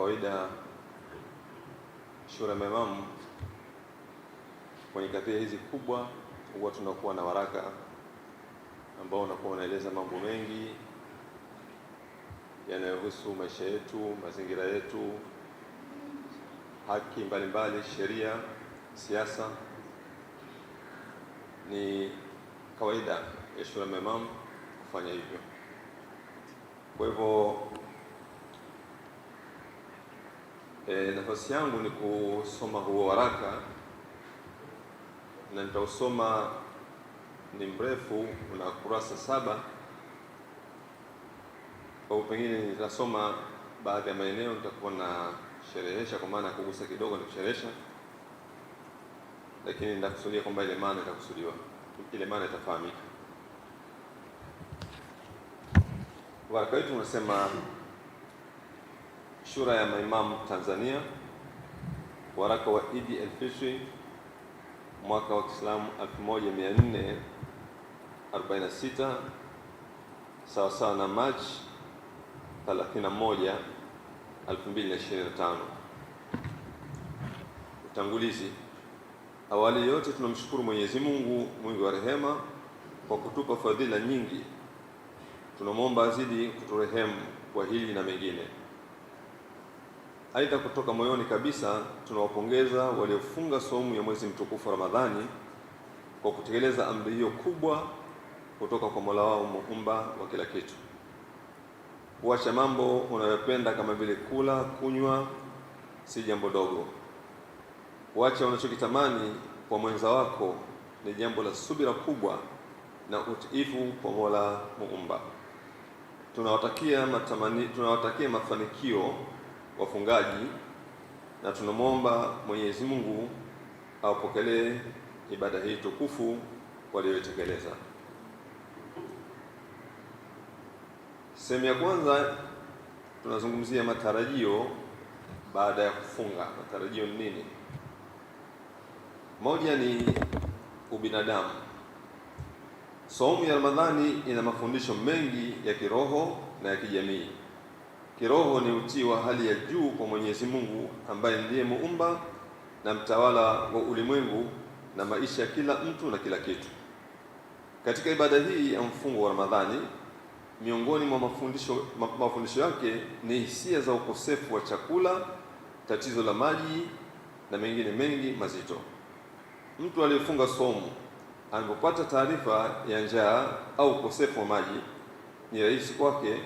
kawaida shura ya kwenye kadhia hizi kubwa huwa tunakuwa na waraka ambao unakuwa unaeleza mambo mengi yanayohusu maisha yetu, mazingira yetu, haki mbalimbali, sheria, siasa. Ni kawaida ya shura ya kufanya hivyo. Kwa hivyo E, nafasi yangu ni kusoma huo waraka na nitausoma, ni mrefu, una kurasa saba. Kwa pengine nitasoma baadhi ya maeneo, nitakuwa na sherehesha kwa maana ya kugusa kidogo na kusherehesha, lakini nitakusudia kwamba ile maana itakusudiwa, ile maana itafahamika. Waraka wetu unasema Shura ya Maimamu Tanzania, waraka wa Idi al mwaka wa Kiislamu 1446 sawa sawa na Machi 31, 2025. Utangulizi. Awali yote tunamshukuru Mwenyezi Mungu mwingi wa rehema kwa kutupa fadhila nyingi, tunamwomba azidi kuturehemu kwa hili na mengine Aidha, kutoka moyoni kabisa tunawapongeza waliofunga somu ya mwezi mtukufu Ramadhani kwa kutekeleza amri hiyo kubwa kutoka kwa Mola wao muumba wa kila kitu, kuacha mambo unayopenda kama vile kula, kunywa si jambo dogo. Kuacha unachokitamani kwa mwenza wako ni jambo la subira kubwa na utiifu kwa Mola muumba. Tunawatakia matamani, tunawatakia mafanikio wafungaji, na tunamwomba Mwenyezi Mungu aupokelee ibada hii tukufu walioitekeleza. Sehemu ya kwanza tunazungumzia matarajio baada ya kufunga. Matarajio ni nini? Moja ni ubinadamu. Saumu ya Ramadhani ina mafundisho mengi ya kiroho na ya kijamii. Kiroho ni utii wa hali ya juu kwa Mwenyezi Mungu ambaye ndiye muumba na mtawala wa ulimwengu na maisha ya kila mtu na kila kitu. Katika ibada hii ya mfungo wa Ramadhani, miongoni mwa mafundisho, mafundisho yake ni hisia za ukosefu wa chakula, tatizo la maji na mengine mengi mazito. Mtu aliyefunga somo anapopata taarifa ya njaa au ukosefu wa maji, ni rahisi kwake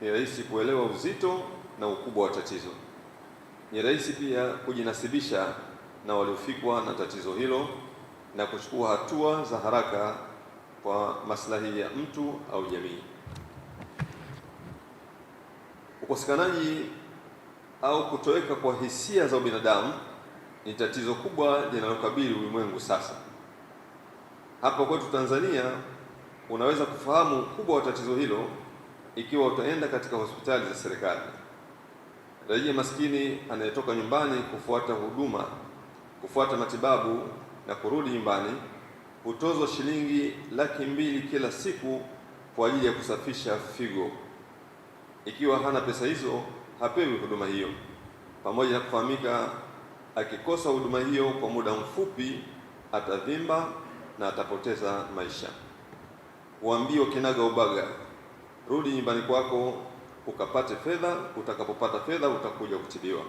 ni rahisi kuelewa uzito na ukubwa wa tatizo. Ni rahisi pia kujinasibisha na waliofikwa na tatizo hilo na kuchukua hatua za haraka kwa maslahi ya mtu au jamii. Ukosekanaji au kutoweka kwa hisia za ubinadamu ni tatizo kubwa linalokabili ulimwengu sasa. Hapa kwetu Tanzania, unaweza kufahamu ukubwa wa tatizo hilo ikiwa utaenda katika hospitali za serikali, raia maskini anayetoka nyumbani kufuata huduma, kufuata matibabu na kurudi nyumbani hutozwa shilingi laki mbili kila siku kwa ajili ya kusafisha figo. Ikiwa hana pesa hizo, hapewi huduma hiyo, pamoja na kufahamika akikosa huduma hiyo kwa muda mfupi atavimba na atapoteza maisha. Waambiwa kinaga ubaga rudi nyumbani kwako ukapate fedha, utakapopata fedha utakuja kutibiwa.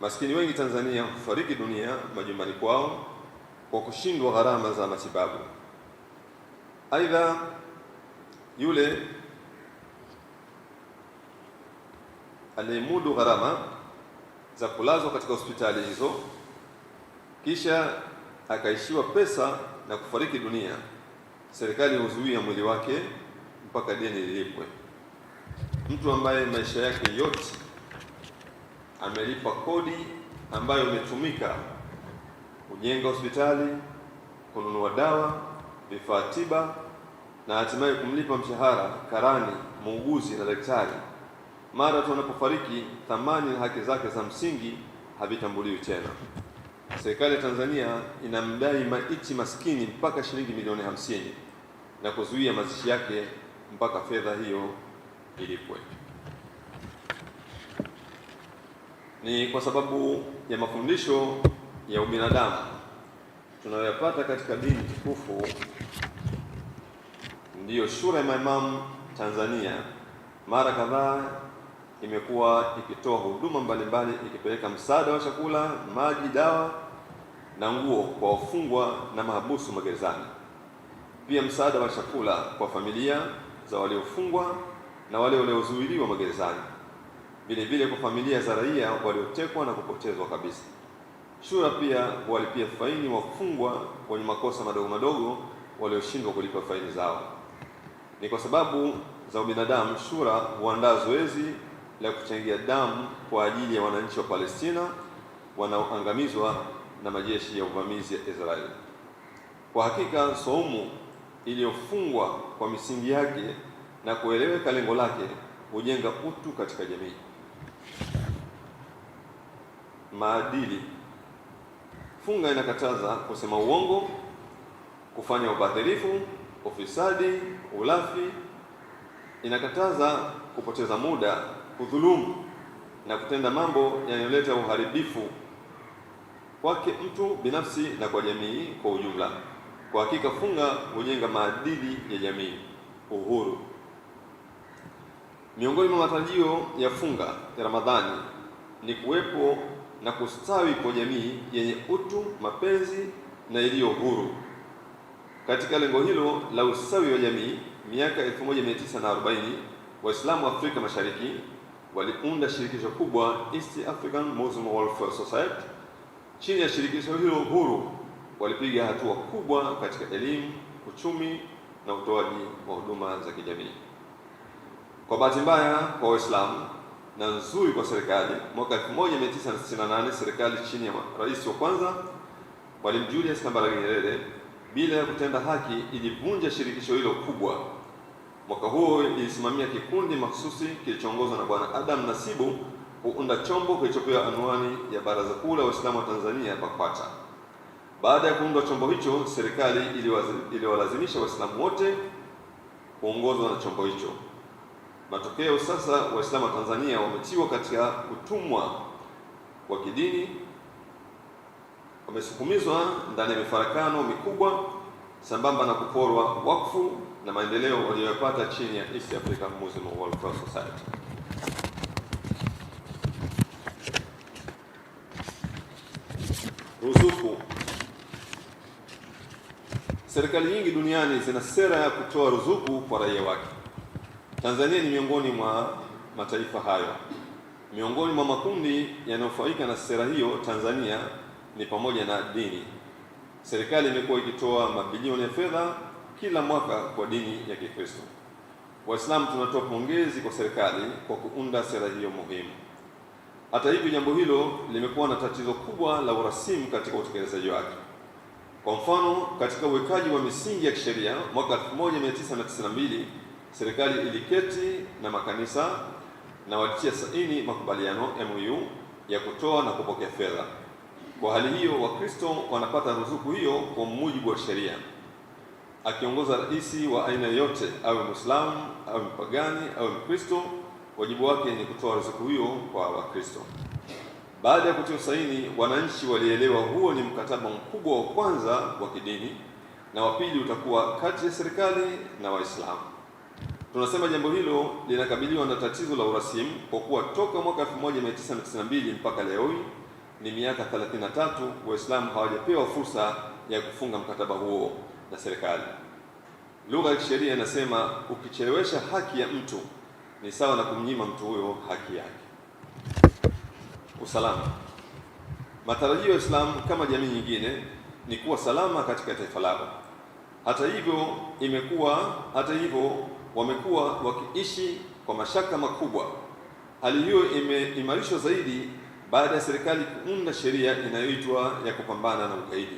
Maskini wengi Tanzania hufariki dunia majumbani kwao kwa kushindwa gharama za matibabu. Aidha, yule aliyemudu gharama za kulazwa katika hospitali hizo kisha akaishiwa pesa na kufariki dunia, serikali huzuia mwili wake mpaka deni lilipwe. Mtu ambaye maisha yake yote amelipa kodi ambayo imetumika kujenga hospitali, kununua dawa, vifaa tiba na hatimaye kumlipa mshahara karani, muuguzi na daktari, mara tu anapofariki thamani na haki zake za msingi havitambuliwi tena. Serikali ya Tanzania inamdai maiti maskini mpaka shilingi milioni hamsini na kuzuia mazishi yake mpaka fedha hiyo ilipwe. Ni kwa sababu ya mafundisho ya ubinadamu tunayoyapata katika dini tukufu, ndiyo Shura ya Maimamu Tanzania mara kadhaa imekuwa ikitoa huduma mbalimbali, ikipeleka msaada wa chakula, maji, dawa na nguo kwa wafungwa na mahabusu magerezani, pia msaada wa chakula kwa familia za waliofungwa na wale waliozuiliwa magerezani, vile vile kwa familia za raia waliotekwa na kupotezwa kabisa. Shura pia huwalipia faini wafungwa kwenye makosa madogo madogo walioshindwa kulipa faini zao. Ni kwa sababu za ubinadamu, Shura huandaa zoezi la kuchangia damu kwa ajili ya wananchi wa Palestina wanaoangamizwa na majeshi ya uvamizi ya Israeli. Kwa hakika, saumu iliyofungwa kwa misingi yake na kueleweka lengo lake hujenga utu katika jamii. Maadili: funga inakataza kusema uongo, kufanya ubadhirifu, ufisadi, ulafi. Inakataza kupoteza muda, kudhulumu na kutenda mambo yanayoleta uharibifu kwake mtu binafsi na kwa jamii kwa ujumla. Kwa hakika funga hujenga maadili ya jamii. Uhuru. Miongoni mwa matarajio ya funga ya Ramadhani ni kuwepo na kustawi kwa jamii yenye utu, mapenzi na iliyo huru. Katika lengo hilo la ustawi wa jamii, miaka 1940 Waislamu wa Afrika Mashariki waliunda shirikisho kubwa East African Muslim Welfare Society. Chini ya shirikisho hilo huru walipiga hatua kubwa katika elimu, uchumi na utoaji wa huduma za kijamii. Kwa bahati mbaya kwa Waislamu na nzuri kwa serikali, mwaka 1968 serikali chini ya rais wa kwanza Mwalimu Julius Kambarage Nyerere bila ya kutenda haki ilivunja shirikisho hilo kubwa. Mwaka huo ilisimamia kikundi mahsusi kilichoongozwa na Bwana Adam Nasibu kuunda chombo kilichopewa anwani ya Baraza Kuu la Waislamu wa Tanzania BAKWATA. Baada ya kuundwa chombo hicho, serikali iliwalazimisha Waislamu wote kuongozwa na chombo hicho. Matokeo sasa, Waislamu wa Tanzania wametiwa katika utumwa wa kidini, wamesukumizwa ndani ya mifarakano mikubwa, sambamba na kuporwa wakfu na maendeleo waliyopata chini ya East African Muslim World Cross Society. Ruzuku Serikali nyingi duniani zina sera ya kutoa ruzuku kwa raia wake. Tanzania ni miongoni mwa mataifa hayo. Miongoni mwa makundi yanayofaika na sera hiyo Tanzania ni pamoja na dini. Serikali imekuwa ikitoa mabilioni ya fedha kila mwaka kwa dini ya Kikristo. Waislamu tunatoa pongezi kwa serikali kwa kuunda sera hiyo muhimu. Hata hivyo, jambo hilo limekuwa na tatizo kubwa la urasimu katika utekelezaji wake. Kwa mfano, katika uwekaji wa misingi ya kisheria mwaka 1992 serikali iliketi na makanisa na walitia saini makubaliano MOU ya kutoa na kupokea fedha. Kwa hali hiyo, Wakristo wanapata ruzuku hiyo kwa mujibu wa sheria. Akiongoza rais wa aina yote, awe Muislamu, awe mpagani, awe Mkristo, wajibu wake ni kutoa ruzuku hiyo kwa Wakristo. Baada ya kutia saini, wananchi walielewa huo ni mkataba mkubwa wa kwanza wa kidini na wa pili utakuwa kati ya serikali na Waislamu. Tunasema jambo hilo linakabiliwa na tatizo la urasimu kwa kuwa toka mwaka 1992 mpaka leo ni miaka 33 Waislamu hawajapewa fursa ya kufunga mkataba huo na serikali. Lugha ya kisheria inasema ukichelewesha haki ya mtu ni sawa na kumnyima mtu huyo haki yake usalama. Matarajio ya Uislamu kama jamii nyingine ni kuwa salama katika taifa lao. Hata hivyo imekuwa hata hivyo wamekuwa wakiishi kwa mashaka makubwa. Hali hiyo imeimarishwa zaidi baada ya serikali kuunda sheria inayoitwa ya kupambana na ugaidi.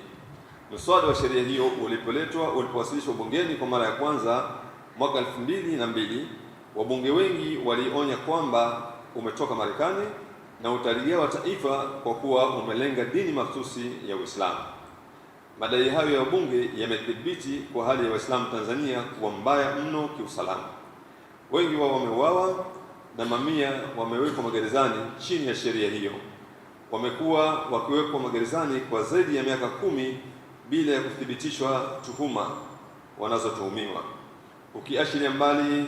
Mswada wa sheria hiyo ulipoletwa ulipowasilishwa bungeni kwa mara ya kwanza mwaka elfu mbili na mbili, wabunge wengi walionya kwamba umetoka Marekani na utarijia wa taifa kwa kuwa umelenga dini mahsusi ya Uislamu. Madai hayo ya wabunge yamethibiti kwa hali ya Waislamu Tanzania kuwa mbaya mno kiusalama. Wengi wao wameuawa na mamia wamewekwa magerezani chini ya sheria hiyo. Wamekuwa wakiwekwa magerezani kwa zaidi ya miaka kumi bila ya kuthibitishwa tuhuma wanazotuhumiwa, ukiashiria mbali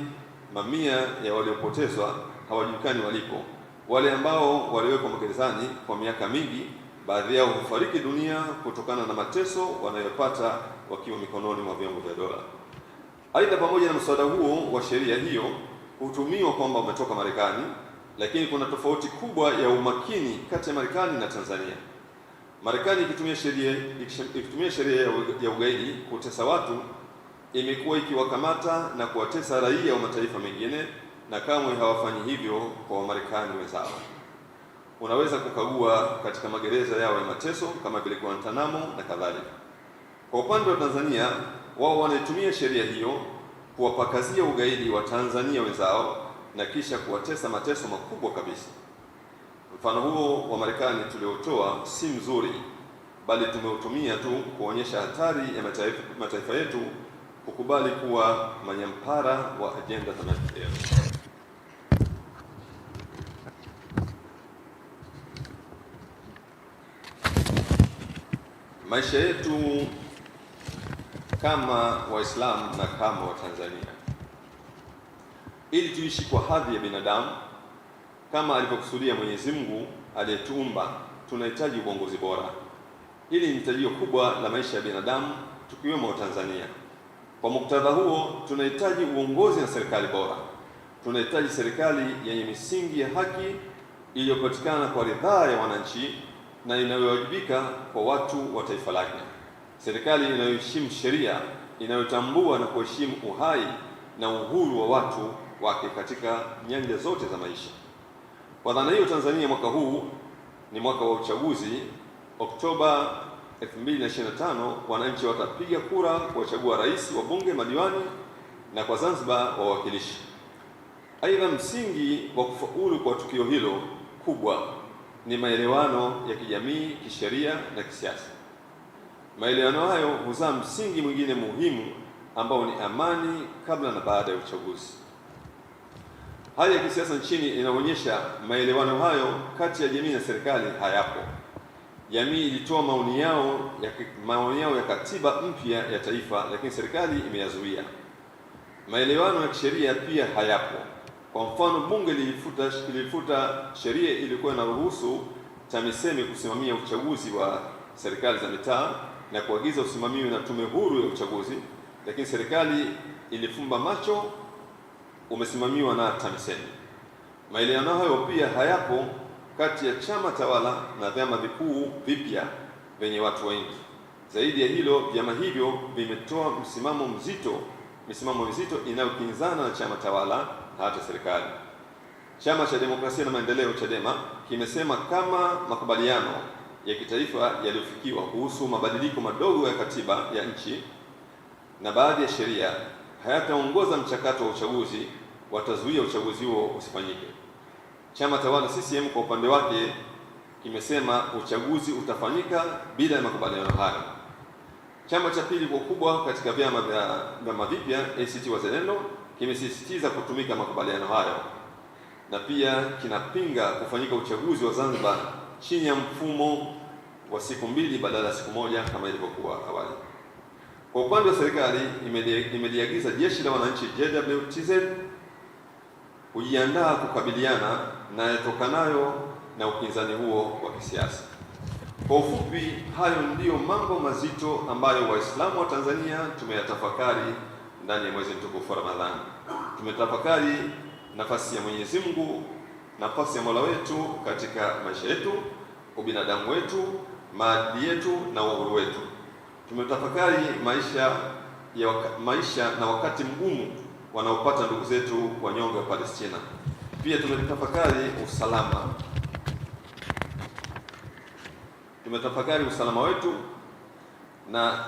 mamia ya waliopotezwa hawajulikani walipo. Wale ambao waliwekwa magerezani kwa miaka mingi, baadhi yao hufariki dunia kutokana na mateso wanayopata wakiwa mikononi mwa vyombo vya dola. Aidha, pamoja na mswada huo wa sheria hiyo hutumiwa kwamba umetoka Marekani, lakini kuna tofauti kubwa ya umakini kati ya Marekani na Tanzania. Marekani ikitumia sheria ikitumia sheria ya ugaidi kutesa watu, imekuwa ikiwakamata na kuwatesa raia wa mataifa mengine na kamwe hawafanyi hivyo kwa Wamarekani wenzao. Unaweza kukagua katika magereza yao ya mateso kama vile Guantanamo na kadhalika. Kwa upande wa Tanzania, wao wanaitumia sheria hiyo kuwapakazia ugaidi wa Tanzania wenzao na kisha kuwatesa mateso makubwa kabisa. Mfano huo wa Marekani tuliotoa si mzuri, bali tumeutumia tu kuonyesha hatari ya mataifa, mataifa yetu kukubali kuwa manyampara wa ajenda za maendeleo. Maisha yetu kama Waislamu na kama Watanzania, ili tuishi kwa hadhi ya binadamu kama alivyokusudia Mwenyezi Mungu aliyetuumba, tunahitaji uongozi bora. Hili ni hitajio kubwa la maisha ya binadamu tukiwemo Watanzania. Kwa muktadha huo, tunahitaji uongozi na serikali bora. Tunahitaji serikali yenye misingi ya haki iliyopatikana kwa ridhaa ya wananchi na inayowajibika kwa watu wa taifa lake. Serikali inayoheshimu sheria, inayotambua na kuheshimu uhai na uhuru wa watu wake katika nyanja zote za maisha. Kwa dhana hiyo, Tanzania mwaka huu ni mwaka wa uchaguzi. Oktoba 2025 wananchi watapiga kura kuwachagua rais, wabunge, madiwani na kwa Zanzibar wawakilishi. Aidha, msingi wa kufaulu kwa tukio hilo kubwa ni maelewano ya kijamii, kisheria na kisiasa. Maelewano hayo huzaa msingi mwingine muhimu ambao ni amani kabla na baada ya uchaguzi. Hali ya kisiasa nchini inaonyesha maelewano hayo kati ya jamii na serikali hayapo. Jamii ilitoa maoni yao ya maoni yao ya katiba mpya ya taifa, lakini serikali imeyazuia. Maelewano ya kisheria pia hayapo. Kwa mfano, bunge lilifuta lilifuta sheria ilikuwa inaruhusu TAMISEMI kusimamia uchaguzi wa serikali za mitaa na kuagiza usimamizi na tume huru ya uchaguzi, lakini serikali ilifumba macho, umesimamiwa na TAMISEMI. Maelewano hayo pia hayapo kati ya chama tawala na vyama vikuu vipya vyenye watu wengi. Zaidi ya hilo, vyama hivyo vimetoa msimamo mzito misimamo mizito inayokinzana na chama tawala hata serikali. Chama cha Demokrasia na Maendeleo Chadema kimesema kama makubaliano ya kitaifa yaliyofikiwa kuhusu mabadiliko madogo ya katiba ya nchi na baadhi ya sheria hayataongoza mchakato wa uchaguzi, watazuia uchaguzi huo usifanyike. Chama tawala CCM kwa upande wake kimesema uchaguzi utafanyika bila ya makubaliano hayo. Chama cha pili kwa ukubwa katika vyama vya vyama vipya ACT Wazalendo kimesisitiza kutumika makubaliano hayo na pia kinapinga kufanyika uchaguzi wa Zanzibar chini ya mfumo wa siku mbili badala ya siku moja kama ilivyokuwa awali. Kwa upande wa serikali, imeliagiza jeshi la wananchi JWTZ kujiandaa kukabiliana na yatokanayo na upinzani huo wa kisiasa. Kwa ufupi, hayo ndiyo mambo mazito ambayo Waislamu wa Tanzania tumeyatafakari ndani ya mwezi mtukufu wa Ramadhani. Tumetafakari nafasi ya Mwenyezi Mungu, nafasi ya Mola wetu katika maisha yetu, ubinadamu wetu, maadili yetu na uhuru wetu. Tumetafakari maisha ya waka, maisha na wakati mgumu wanaopata ndugu zetu wanyonge wa Palestina. Pia tumetafakari usalama, tumetafakari usalama wetu na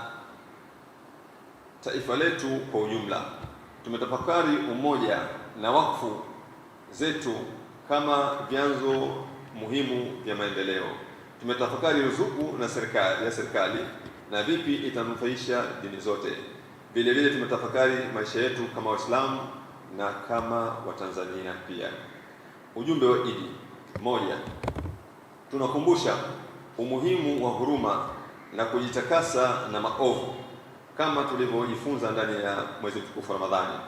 taifa letu kwa ujumla. Tumetafakari umoja na wakfu zetu kama vyanzo muhimu vya maendeleo. Tumetafakari ruzuku na serikali ya serikali na vipi itanufaisha dini zote. Vile vile tumetafakari maisha yetu kama Waislamu na kama Watanzania pia. Ujumbe wa Idi: moja, tunakumbusha umuhimu wa huruma na kujitakasa na maovu kama tulivyojifunza ndani ya mwezi mtukufu wa Ramadhani.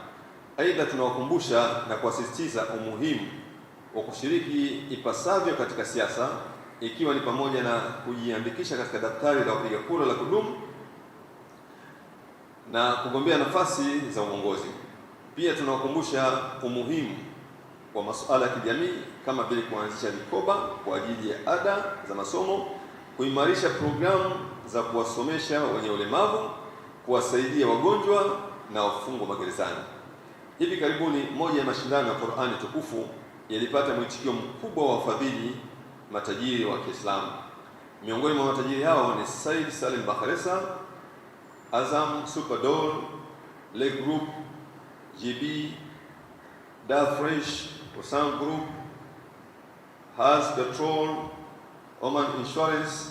Aidha, tunawakumbusha na kuwasisitiza umuhimu wa kushiriki ipasavyo katika siasa, ikiwa ni pamoja na kujiandikisha katika daftari la wapiga kura la kudumu na kugombea nafasi za uongozi. Pia tunawakumbusha umuhimu wa masuala ya kijamii kama vile kuanzisha vikoba kwa ajili ya ada za masomo, kuimarisha programu za kuwasomesha wenye ulemavu kuwasaidia wagonjwa na wafungwa magerezani. Hivi karibuni moja ya mashindano ya Qur'ani tukufu yalipata mwitikio mkubwa wa wafadhili matajiri wa Kiislamu. Miongoni mwa matajiri hao ni Said Salim Bakhresa, Azam Superdor, Le Group, JB, Dafresh, Osam Group, Has Petrol, Oman Insurance,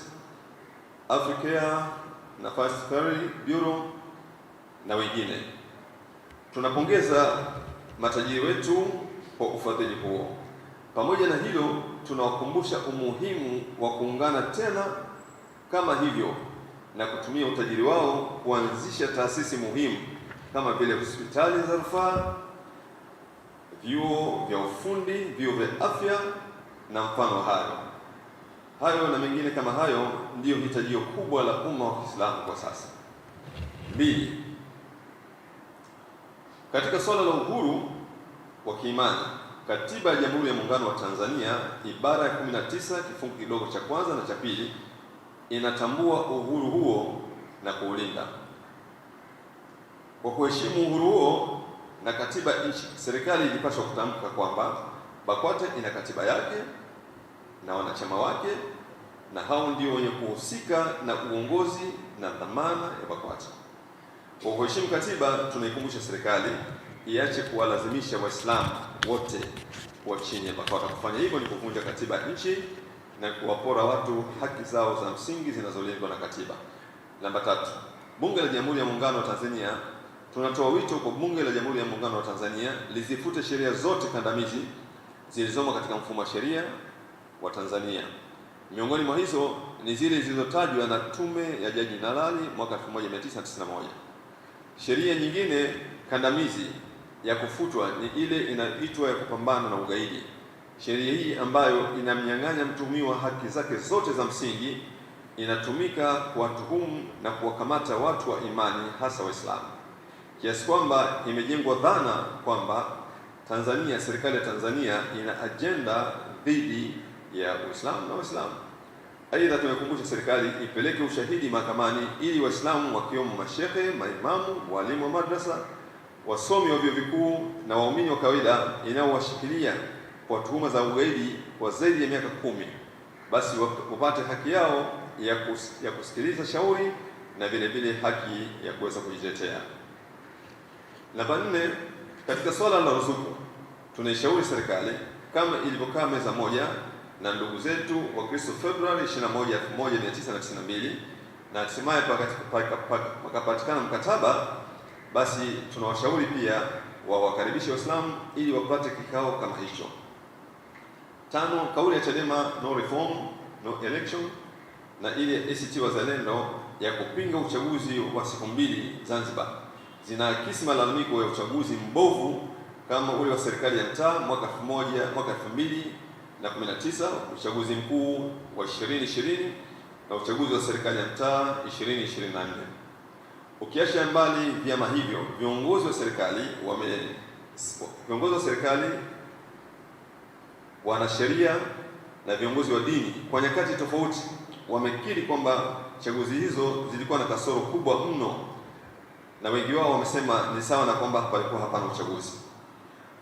Africa Nafasi Family Bureau na wengine. Tunapongeza matajiri wetu kwa ufadhili huo. Pamoja na hilo, tunawakumbusha umuhimu wa kuungana tena kama hivyo na kutumia utajiri wao kuanzisha taasisi muhimu kama vile hospitali za rufaa, vyuo vya ufundi, vyuo vya afya na mfano hayo. Hayo na mengine kama hayo ndiyo hitajio kubwa la umma wa Kiislamu kwa sasa. Mbili, katika swala la uhuru wa kiimani, katiba ya Jamhuri ya Muungano wa Tanzania ibara ya 19 kifungu kidogo cha kwanza na cha pili inatambua uhuru huo na kuulinda. Kwa kuheshimu uhuru huo na katiba nchi, serikali ilipaswa kutamka kwamba BAKWATE ina katiba yake na wanachama wake, na hao ndio wenye kuhusika na uongozi na dhamana ya BAKWATA. Kwa kuheshimu katiba, tunaikumbusha serikali iache kuwalazimisha Waislamu wote kuwa chini ya BAKWATA. Kufanya hivyo ni kuvunja katiba nchi na kuwapora watu haki zao za msingi zinazolindwa na katiba. Namba tatu, Bunge la Jamhuri ya Muungano wa Tanzania tunatoa wito kwa Bunge la Jamhuri ya Muungano wa Tanzania lizifute sheria zote kandamizi zilizomo katika mfumo wa sheria wa Tanzania. Miongoni mwa hizo ni zile zilizotajwa na Tume ya Jaji Nalali mwaka 1991. Sheria nyingine kandamizi ya kufutwa ni ile inaitwa ya kupambana na ugaidi. Sheria hii ambayo inamnyang'anya mtuhumiwa haki zake zote za msingi inatumika kuwatuhumu na kuwakamata watu wa imani hasa Waislamu, kiasi kwamba imejengwa dhana kwamba Tanzania, serikali ya Tanzania ina ajenda dhidi ya Uislamu na Waislamu. Aidha, tumekumbusha serikali ipeleke ushahidi mahakamani ili Waislamu wakiwemo mashehe, maimamu, walimu wa madrasa, wasomi wa vyuo vikuu na waumini wa kawaida inaowashikilia kwa tuhuma za ugaidi kwa zaidi ya miaka kumi, basi wapate haki yao ya, kus, ya kusikiliza shauri na vile vile haki ya kuweza kujitetea. Namba nne, katika swala la ruzuku tunaishauri serikali kama ilivyokaa meza moja na ndugu zetu wa Kristo Februari 21, 1992 na hatimaye pakapatikana mkataba, basi tunawashauri pia wawakaribishe Waislamu ili wapate kikao kama hicho. Tano, kauli ya Chadema no reform no election na ile ACT Wazalendo ya kupinga uchaguzi wa siku mbili Zanzibar zinaakisi malalamiko ya uchaguzi mbovu kama ule wa serikali ya mtaa mwaka 2 na 19 uchaguzi mkuu wa 2020 na uchaguzi wa serikali ya mtaa 2024. Ukiacha mbali vyama hivyo, viongozi wa serikali wame viongozi wa serikali, wanasheria na viongozi wa dini kwa nyakati tofauti wamekiri kwamba chaguzi hizo zilikuwa na kasoro kubwa mno, na wengi wao wamesema ni sawa na kwamba palikuwa hapana uchaguzi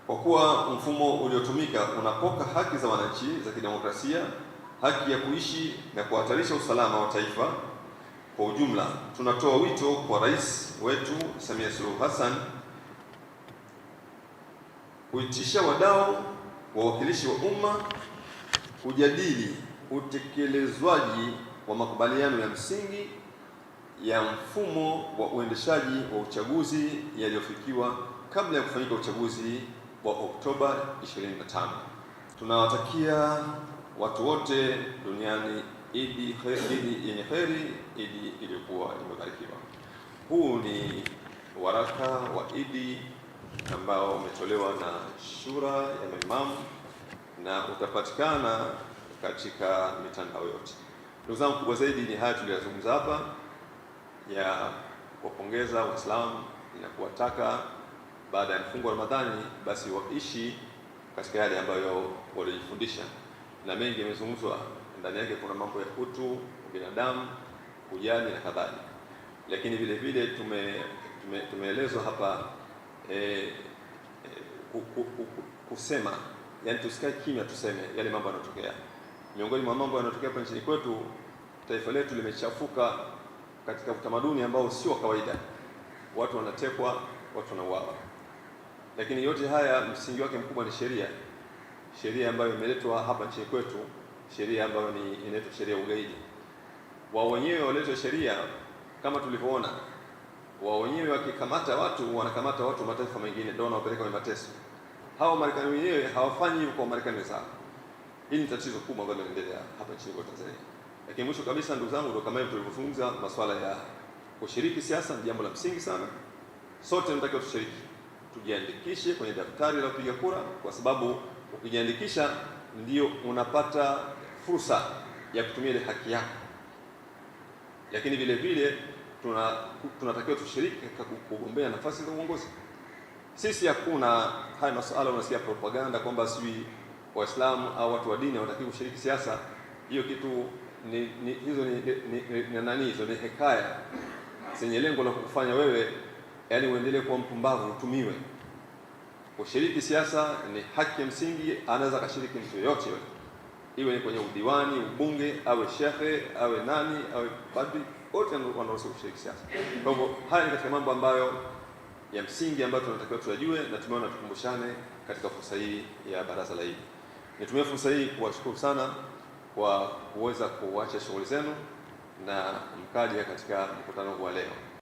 kwa kuwa mfumo uliotumika unapoka haki za wananchi za kidemokrasia, haki ya kuishi na kuhatarisha usalama wa taifa kwa ujumla. Tunatoa wito kwa rais wetu Samia Suluhu Hassan kuitisha wadau, wawakilishi wa umma kujadili utekelezwaji wa makubaliano ya msingi ya mfumo wa uendeshaji wa uchaguzi yaliyofikiwa kabla ya kufanyika uchaguzi wa Oktoba 25. Tunawatakia watu wote duniani Idi yenye heri, Idi iliyokuwa imebarikiwa. Huu ni waraka wa Idi ambao umetolewa na Shura ya Maimamu na utapatikana katika mitandao yote. Ndugu zangu, kubwa zaidi ni haya tuliyozungumza hapa ya kuwapongeza Waislamu na kuwataka baada ya mfungo wa Ramadhani, basi waishi katika yale ambayo walijifundisha, na mengi yamezungumzwa ndani yake. Kuna mambo ya utu binadamu, kujali na kadhalika, lakini vile vile tume tumeelezwa hapa e, ku, kusema yani, tusikae kimya, tuseme yale mambo yanayotokea. Miongoni mwa mambo yanayotokea hapa nchini kwetu, taifa letu limechafuka katika utamaduni ambao sio wa kawaida. Watu wanatekwa, watu wanauawa. Lakini yote haya msingi wake mkubwa ni sheria, sheria ambayo imeletwa hapa nchini kwetu, sheria ambayo ni inaitwa sheria ugaidi. Wao wenyewe waleta sheria kama tulivyoona, wao wenyewe wakikamata watu wanakamata watu mataifa mengine, ndio wanawapeleka kwenye mateso. Hao Marekani wenyewe hawafanyi hivyo kwa Marekani wenzao. Hii ni tatizo kubwa ambalo linaendelea hapa nchini kwa Tanzania. Lakini mwisho kabisa, ndugu zangu, ndio kama hivyo tulivyozungumza, masuala ya kushiriki siasa ni jambo la msingi sana, sote tunatakiwa tushiriki tujiandikishe kwenye daftari la kupiga kura, kwa sababu ukijiandikisha ndio unapata fursa ya kutumia ile haki yako. Lakini vile vile tuna tunatakiwa tushiriki katika kugombea nafasi za uongozi. Sisi hakuna haya masuala, unasikia propaganda kwamba sijui Waislamu au watu wa dini hawataki kushiriki siasa. Hiyo kitu ni, ni, hizo ni, ni, ni, ni, nani hizo ni hekaya zenye lengo la kukufanya wewe yaani uendelee kuwa mpumbavu, utumiwe. Kushiriki siasa ni haki ya msingi, anaweza akashiriki mtu yoyote, iwe ni kwenye udiwani, ubunge, awe shehe, awe nani, awe padri, wote wanaruhusiwa kushiriki siasa. Kwa hivyo haya ni katika mambo ambayo ya msingi ambayo tunatakiwa tuyajue na tumeona tukumbushane katika fursa hii ya baraza la Idi. Nitumie fursa hii kuwashukuru sana kwa kuweza kuacha shughuli zenu na mkaja katika mkutano huu wa leo.